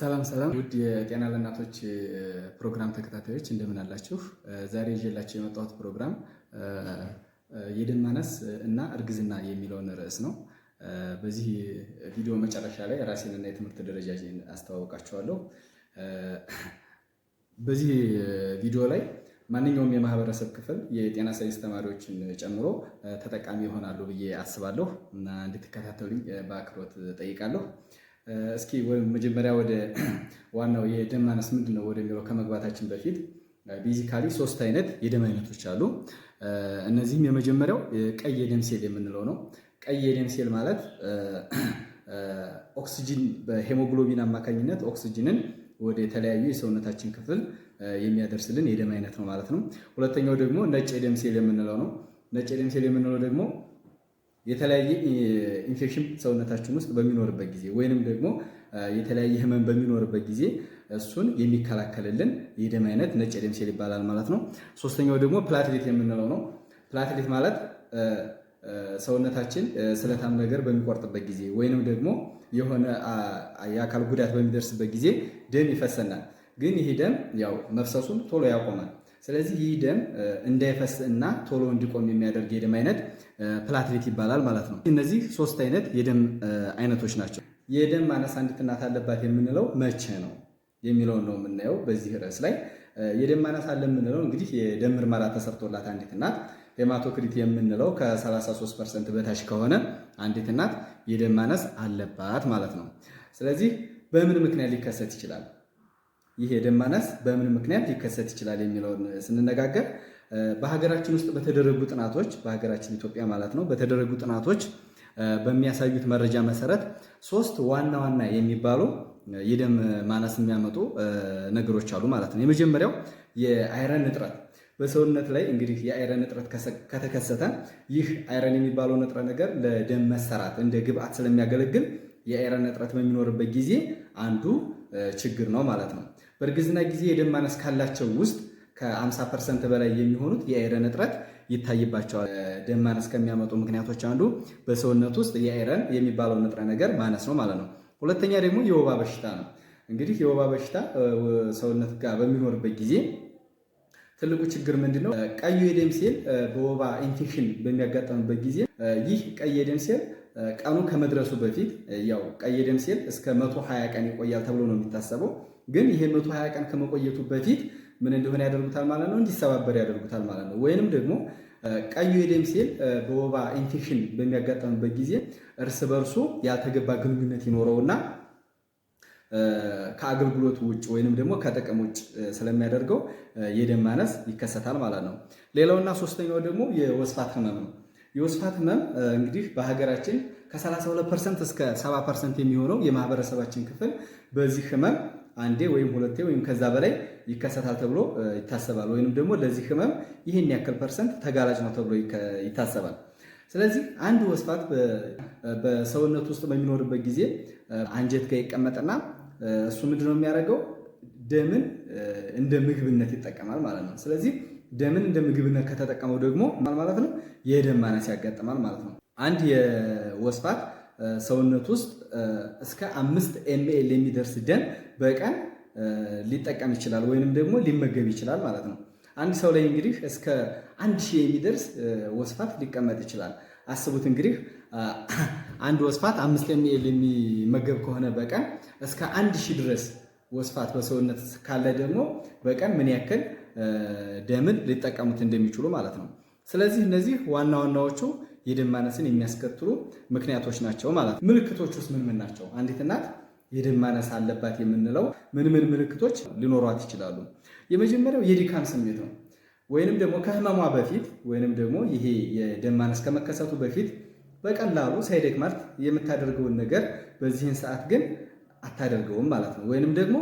ሰላም ሰላም ውድ የጤና ለእናቶች ፕሮግራም ተከታታዮች እንደምን አላችሁ? ዛሬ ይዤላችሁ የመጣሁት ፕሮግራም የደም ማነስ እና እርግዝና የሚለውን ርዕስ ነው። በዚህ ቪዲዮ መጨረሻ ላይ ራሴን እና የትምህርት ደረጃ አስተዋወቃችኋለሁ። በዚህ ቪዲዮ ላይ ማንኛውም የማህበረሰብ ክፍል የጤና ሳይንስ ተማሪዎችን ጨምሮ ተጠቃሚ ይሆናሉ ብዬ አስባለሁ እና እንድትከታተሉኝ በአክብሮት ጠይቃለሁ። እስኪ ወይም መጀመሪያ ወደ ዋናው የደም ማነስ ምንድን ነው ወደሚለው ከመግባታችን በፊት ቤዚካሊ ሶስት አይነት የደም አይነቶች አሉ። እነዚህም የመጀመሪያው ቀይ የደም ሴል የምንለው ነው። ቀይ የደም ሴል ማለት ኦክሲጂን በሄሞግሎቢን አማካኝነት ኦክሲጂንን ወደ የተለያዩ የሰውነታችን ክፍል የሚያደርስልን የደም አይነት ነው ማለት ነው። ሁለተኛው ደግሞ ነጭ የደም ሴል የምንለው ነው። ነጭ የደም ሴል የምንለው ደግሞ የተለያየ ኢንፌክሽን ሰውነታችን ውስጥ በሚኖርበት ጊዜ ወይንም ደግሞ የተለያየ ህመም በሚኖርበት ጊዜ እሱን የሚከላከልልን የደም አይነት ነጭ የደም ሴል ይባላል ማለት ነው። ሶስተኛው ደግሞ ፕላትሌት የምንለው ነው። ፕላትሌት ማለት ሰውነታችን ስለታም ነገር በሚቆርጥበት ጊዜ ወይንም ደግሞ የሆነ የአካል ጉዳት በሚደርስበት ጊዜ ደም ይፈሰናል። ግን ይሄ ደም ያው መፍሰሱን ቶሎ ያቆማል። ስለዚህ ይህ ደም እንዳይፈስ እና ቶሎ እንዲቆም የሚያደርግ የደም አይነት ፕላትሌት ይባላል ማለት ነው። እነዚህ ሶስት አይነት የደም አይነቶች ናቸው። የደም ማነስ አንዲት እናት አለባት የምንለው መቼ ነው የሚለውን ነው የምናየው በዚህ ርዕስ ላይ። የደም ማነስ አለ የምንለው እንግዲህ የደም ምርመራ ተሰርቶላት አንዲት እናት ሄማቶክሪት የምንለው ከ33 ፐርሰንት በታች ከሆነ አንዲት እናት የደም ማነስ አለባት ማለት ነው። ስለዚህ በምን ምክንያት ሊከሰት ይችላል? ይህ የደም ማነስ በምን ምክንያት ሊከሰት ይችላል የሚለውን ስንነጋገር በሀገራችን ውስጥ በተደረጉ ጥናቶች በሀገራችን ኢትዮጵያ ማለት ነው በተደረጉ ጥናቶች በሚያሳዩት መረጃ መሰረት ሶስት ዋና ዋና የሚባሉ የደም ማነስ የሚያመጡ ነገሮች አሉ ማለት ነው። የመጀመሪያው የአይረን እጥረት በሰውነት ላይ እንግዲህ የአይረን እጥረት ከተከሰተ ይህ አይረን የሚባለው ንጥረ ነገር ለደም መሰራት እንደ ግብአት ስለሚያገለግል የአይረን እጥረት በሚኖርበት ጊዜ አንዱ ችግር ነው ማለት ነው። በእርግዝና ጊዜ የደም ማነስ ካላቸው ውስጥ ከ50 ፐርሰንት በላይ የሚሆኑት የአይረን እጥረት ይታይባቸዋል። ደም ማነስ ከሚያመጡ ምክንያቶች አንዱ በሰውነት ውስጥ የአይረን የሚባለው ንጥረ ነገር ማነስ ነው ማለት ነው። ሁለተኛ ደግሞ የወባ በሽታ ነው። እንግዲህ የወባ በሽታ ሰውነት ጋር በሚኖርበት ጊዜ ትልቁ ችግር ምንድን ነው? ቀዩ የደም ሴል በወባ ኢንፌክሽን በሚያጋጠምበት ጊዜ ይህ ቀይ የደም ሴል ቀኑ ከመድረሱ በፊት ያው ቀይ የደም ሴል እስከ መቶ ቀን ይቆያል ተብሎ ነው የሚታሰበው። ግን ይሄ መቶ ቀን ከመቆየቱ በፊት ምን እንደሆነ ያደርጉታል ማለት ነው፣ እንዲሰባበር ያደርጉታል ማለት ነው። ወይንም ደግሞ ቀዩ የደም ሴል በወባ ኢንፌክሽን በሚያጋጠምበት ጊዜ እርስ በርሱ ያልተገባ ግንኙነት ይኖረውና ከአገልግሎት ውጭ ወይንም ደግሞ ከጥቅም ውጭ ስለሚያደርገው የደም ማነስ ይከሰታል ማለት ነው። ሌላውና ሶስተኛው ደግሞ የወስፋት ህመም ነው። የወስፋት ህመም እንግዲህ በሀገራችን ከ32 ፐርሰንት እስከ 70 ፐርሰንት የሚሆነው የማህበረሰባችን ክፍል በዚህ ህመም አንዴ ወይም ሁለቴ ወይም ከዛ በላይ ይከሰታል ተብሎ ይታሰባል። ወይንም ደግሞ ለዚህ ህመም ይህን ያክል ፐርሰንት ተጋላጭ ነው ተብሎ ይታሰባል። ስለዚህ አንድ ወስፋት በሰውነት ውስጥ በሚኖርበት ጊዜ አንጀት ጋር ይቀመጥና እሱ ምንድን ነው የሚያደርገው? ደምን እንደ ምግብነት ይጠቀማል ማለት ነው። ስለዚህ ደምን እንደ ምግብነት ከተጠቀመው ደግሞ ማለት ነው የደም ማነስ ያጋጥማል ማለት ነው። አንድ የወስፋት ሰውነት ውስጥ እስከ አምስት ኤምኤል የሚደርስ ደም በቀን ሊጠቀም ይችላል ወይንም ደግሞ ሊመገብ ይችላል ማለት ነው። አንድ ሰው ላይ እንግዲህ እስከ አንድ ሺህ የሚደርስ ወስፋት ሊቀመጥ ይችላል። አስቡት እንግዲህ አንድ ወስፋት አምስት ኤምኤል የሚመገብ ከሆነ በቀን እስከ አንድ ሺህ ድረስ ወስፋት በሰውነት ካለ ደግሞ በቀን ምን ያክል ደምን ሊጠቀሙት እንደሚችሉ ማለት ነው። ስለዚህ እነዚህ ዋና ዋናዎቹ የደም ማነስን የሚያስከትሉ ምክንያቶች ናቸው ማለት ነው። ምልክቶች ውስጥ ምን ምን ናቸው? አንዲት እናት የደም ማነስ አለባት የምንለው ምን ምን ምልክቶች ሊኖሯት ይችላሉ? የመጀመሪያው የድካም ስሜት ነው። ወይንም ደግሞ ከህመሟ በፊት ወይንም ደግሞ ይሄ የደም ማነስ ከመከሰቱ በፊት በቀላሉ ሳይደክማት የምታደርገውን ነገር በዚህን ሰዓት ግን አታደርገውም ማለት ነው። ወይንም ደግሞ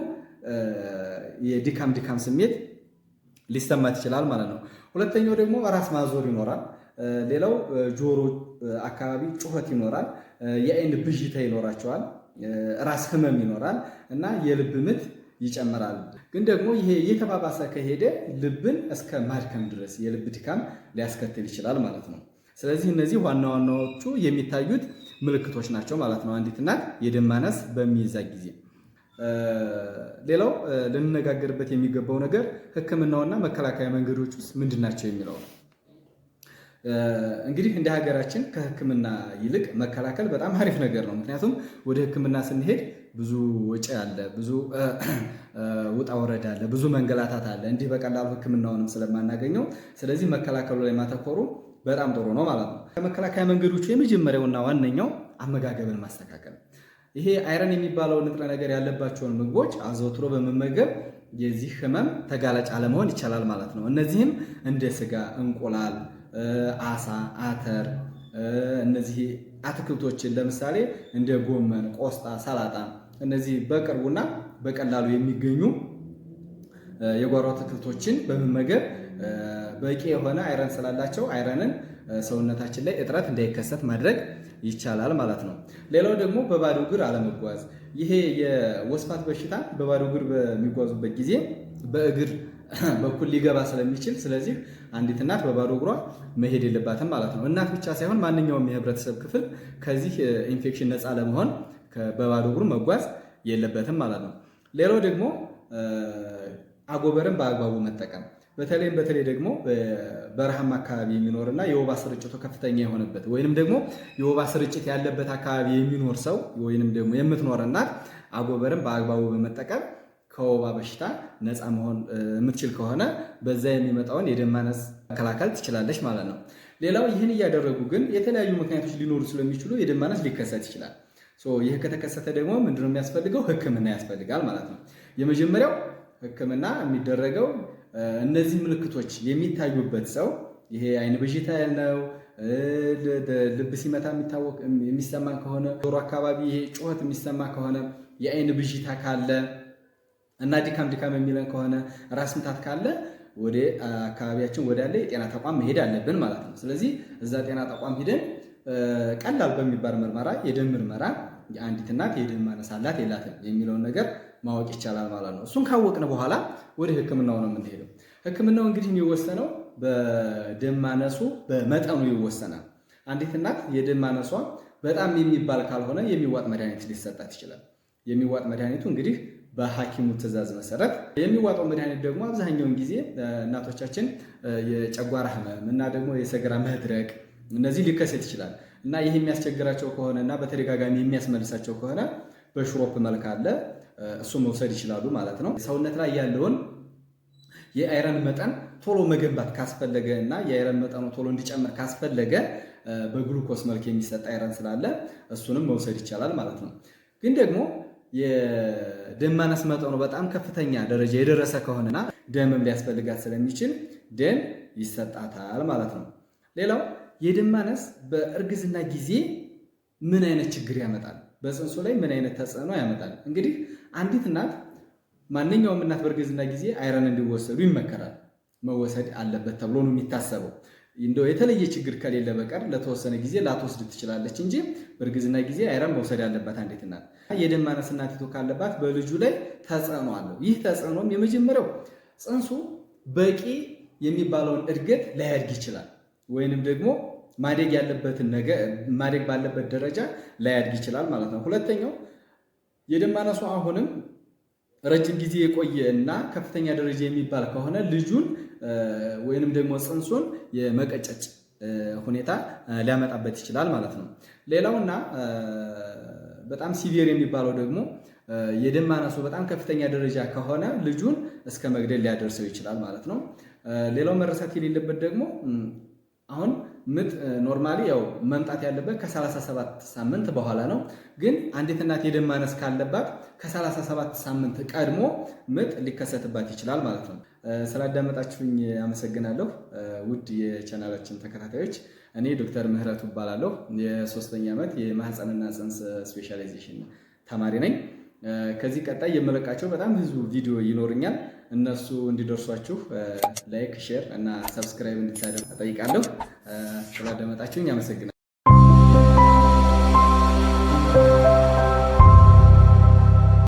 የድካም ድካም ስሜት ሊሰማት ይችላል ማለት ነው። ሁለተኛው ደግሞ ራስ ማዞር ይኖራል። ሌላው ጆሮ አካባቢ ጩኸት ይኖራል። የአይን ብዥታ ይኖራቸዋል። ራስ ህመም ይኖራል እና የልብ ምት ይጨምራል። ግን ደግሞ ይሄ እየተባባሰ ከሄደ ልብን እስከ ማድከም ድረስ የልብ ድካም ሊያስከትል ይችላል ማለት ነው። ስለዚህ እነዚህ ዋና ዋናዎቹ የሚታዩት ምልክቶች ናቸው ማለት ነው። አንዲት እናት የደም ማነስ በሚይዛ ጊዜ ሌላው ልንነጋገርበት የሚገባው ነገር ሕክምናውና መከላከያ መንገዶች ውስጥ ምንድን ናቸው የሚለው ነው። እንግዲህ እንደ ሀገራችን ከህክምና ይልቅ መከላከል በጣም አሪፍ ነገር ነው። ምክንያቱም ወደ ህክምና ስንሄድ ብዙ ወጪ አለ፣ ብዙ ውጣ ወረድ አለ፣ ብዙ መንገላታት አለ። እንዲህ በቀላሉ ህክምናውንም ስለማናገኘው ስለዚህ መከላከሉ ላይ ማተኮሩ በጣም ጥሩ ነው ማለት ነው። ከመከላከያ መንገዶቹ የመጀመሪያውና ዋነኛው አመጋገብን ማስተካከል ይሄ አይረን የሚባለው ንጥረ ነገር ያለባቸውን ምግቦች አዘውትሮ በመመገብ የዚህ ህመም ተጋላጭ አለመሆን ይቻላል ማለት ነው። እነዚህም እንደ ስጋ፣ እንቁላል አሳ፣ አተር እነዚህ አትክልቶችን ለምሳሌ እንደ ጎመን፣ ቆስጣ፣ ሰላጣ እነዚህ በቅርቡና በቀላሉ የሚገኙ የጓሮ አትክልቶችን በመመገብ በቂ የሆነ አይረን ስላላቸው አይረንን ሰውነታችን ላይ እጥረት እንዳይከሰት ማድረግ ይቻላል ማለት ነው። ሌላው ደግሞ በባዶ እግር አለመጓዝ። ይሄ የወስፋት በሽታ በባዶ እግር በሚጓዙበት ጊዜ በእግር በኩል ሊገባ ስለሚችል ስለዚህ አንዲት እናት በባዶ እግሯ መሄድ የለባትም ማለት ነው። እናት ብቻ ሳይሆን ማንኛውም የህብረተሰብ ክፍል ከዚህ ኢንፌክሽን ነፃ ለመሆን በባዶ እግሩ መጓዝ የለበትም ማለት ነው። ሌላው ደግሞ አጎበርን በአግባቡ መጠቀም በተለይም በተለይ ደግሞ በረሃማ አካባቢ የሚኖርና የወባ ስርጭቱ ከፍተኛ የሆነበት ወይንም ደግሞ የወባ ስርጭት ያለበት አካባቢ የሚኖር ሰው ወይንም ደግሞ የምትኖር እናት አጎበርን በአግባቡ በመጠቀም ከወባ በሽታ ነፃ መሆን የምትችል ከሆነ በዛ የሚመጣውን የደም ማነስ መከላከል ትችላለች ማለት ነው። ሌላው ይህን እያደረጉ ግን የተለያዩ ምክንያቶች ሊኖሩ ስለሚችሉ የደም ማነስ ሊከሰት ይችላል። ይህ ከተከሰተ ደግሞ ምንድነው የሚያስፈልገው? ሕክምና ያስፈልጋል ማለት ነው። የመጀመሪያው ሕክምና የሚደረገው እነዚህ ምልክቶች የሚታዩበት ሰው ይሄ አይን ብዥታ ያልነው ልብ ሲመታ የሚሰማ ከሆነ ጆሮ አካባቢ ይሄ ጩኸት የሚሰማ ከሆነ የአይን ብዥታ ካለ እና ድካም ድካም የሚለን ከሆነ ራስ ምታት ካለ ወደ አካባቢያችን ወዳለ የጤና ተቋም መሄድ አለብን ማለት ነው። ስለዚህ እዛ ጤና ተቋም ሂደን ቀላል በሚባል ምርመራ የደም ምርመራ የአንዲት እናት የደም ማነስ አላት የላትም የሚለውን ነገር ማወቅ ይቻላል ማለት ነው። እሱን ካወቅን በኋላ ወደ ህክምናው ነው የምንሄደው። ህክምናው እንግዲህ የሚወሰነው በደም ማነሱ በመጠኑ ይወሰናል። አንዲት እናት የደም ማነሷ በጣም የሚባል ካልሆነ የሚዋጥ መድኃኒት ሊሰጣት ይችላል። የሚዋጥ መድኃኒቱ እንግዲህ በሐኪሙ ትዕዛዝ መሰረት የሚዋጠው መድኃኒት ደግሞ አብዛኛውን ጊዜ እናቶቻችን የጨጓራ ህመም እና ደግሞ የሰገራ መድረቅ እነዚህ ሊከሰት ይችላል እና ይህ የሚያስቸግራቸው ከሆነ እና በተደጋጋሚ የሚያስመልሳቸው ከሆነ በሹሮፕ መልክ አለ እሱ መውሰድ ይችላሉ ማለት ነው። ሰውነት ላይ ያለውን የአይረን መጠን ቶሎ መገንባት ካስፈለገ እና የአይረን መጠኑ ቶሎ እንዲጨምር ካስፈለገ በግሉኮስ መልክ የሚሰጥ አይረን ስላለ እሱንም መውሰድ ይቻላል ማለት ነው። ግን ደግሞ የደም ማነስ መጠኑ በጣም ከፍተኛ ደረጃ የደረሰ ከሆነና ደምም ሊያስፈልጋት ስለሚችል ደም ይሰጣታል ማለት ነው። ሌላው የደም ማነስ በእርግዝና ጊዜ ምን አይነት ችግር ያመጣል? በፅንሱ ላይ ምን አይነት ተጽዕኖ ያመጣል? እንግዲህ አንዲት እናት ማንኛውም እናት በእርግዝና ጊዜ አይረን እንዲወሰዱ ይመከራል፣ መወሰድ አለበት ተብሎ ነው የሚታሰበው። እንደው የተለየ ችግር ከሌለ በቀር ለተወሰነ ጊዜ ላትወስድ ትችላለች እንጂ በእርግዝና ጊዜ አይረን መውሰድ ያለባት አንዲት እናት የደም ማነስ እናቲቱ ካለባት በልጁ ላይ ተጽዕኖ አለው። ይህ ተጽዕኖም የመጀመሪያው ጽንሱ በቂ የሚባለውን እድገት ላያድግ ይችላል ወይንም ደግሞ ማደግ ያለበትን ነገ ማደግ ባለበት ደረጃ ላያድግ ይችላል ማለት ነው። ሁለተኛው የደም ማነሱ አሁንም ረጅም ጊዜ የቆየ እና ከፍተኛ ደረጃ የሚባል ከሆነ ልጁን ወይንም ደግሞ ጽንሱን የመቀጨጭ ሁኔታ ሊያመጣበት ይችላል ማለት ነው። ሌላው እና በጣም ሲቪየር የሚባለው ደግሞ የደም ማነሱ በጣም ከፍተኛ ደረጃ ከሆነ ልጁን እስከ መግደል ሊያደርሰው ይችላል ማለት ነው። ሌላው መረሳት የሌለበት ደግሞ አሁን ምጥ ኖርማሊ ያው መምጣት ያለበት ከ37 ሳምንት በኋላ ነው። ግን አንዲት እናት የደም ማነስ ካለባት ከ37 ሳምንት ቀድሞ ምጥ ሊከሰትባት ይችላል ማለት ነው። ስላዳመጣችሁኝ አመሰግናለሁ። ውድ የቻናላችን ተከታታዮች፣ እኔ ዶክተር ምህረቱ እባላለሁ። የሶስተኛ ዓመት የማህፀንና ፅንስ ስፔሻላይዜሽን ተማሪ ነኝ። ከዚህ ቀጣይ የመለቃቸው በጣም ብዙ ቪዲዮ ይኖርኛል። እነሱ እንዲደርሷችሁ ላይክ፣ ሼር እና ሰብስክራይብ እንድታደርጉ እጠይቃለሁ። ስላደመጣችሁኝ አመሰግናለሁ።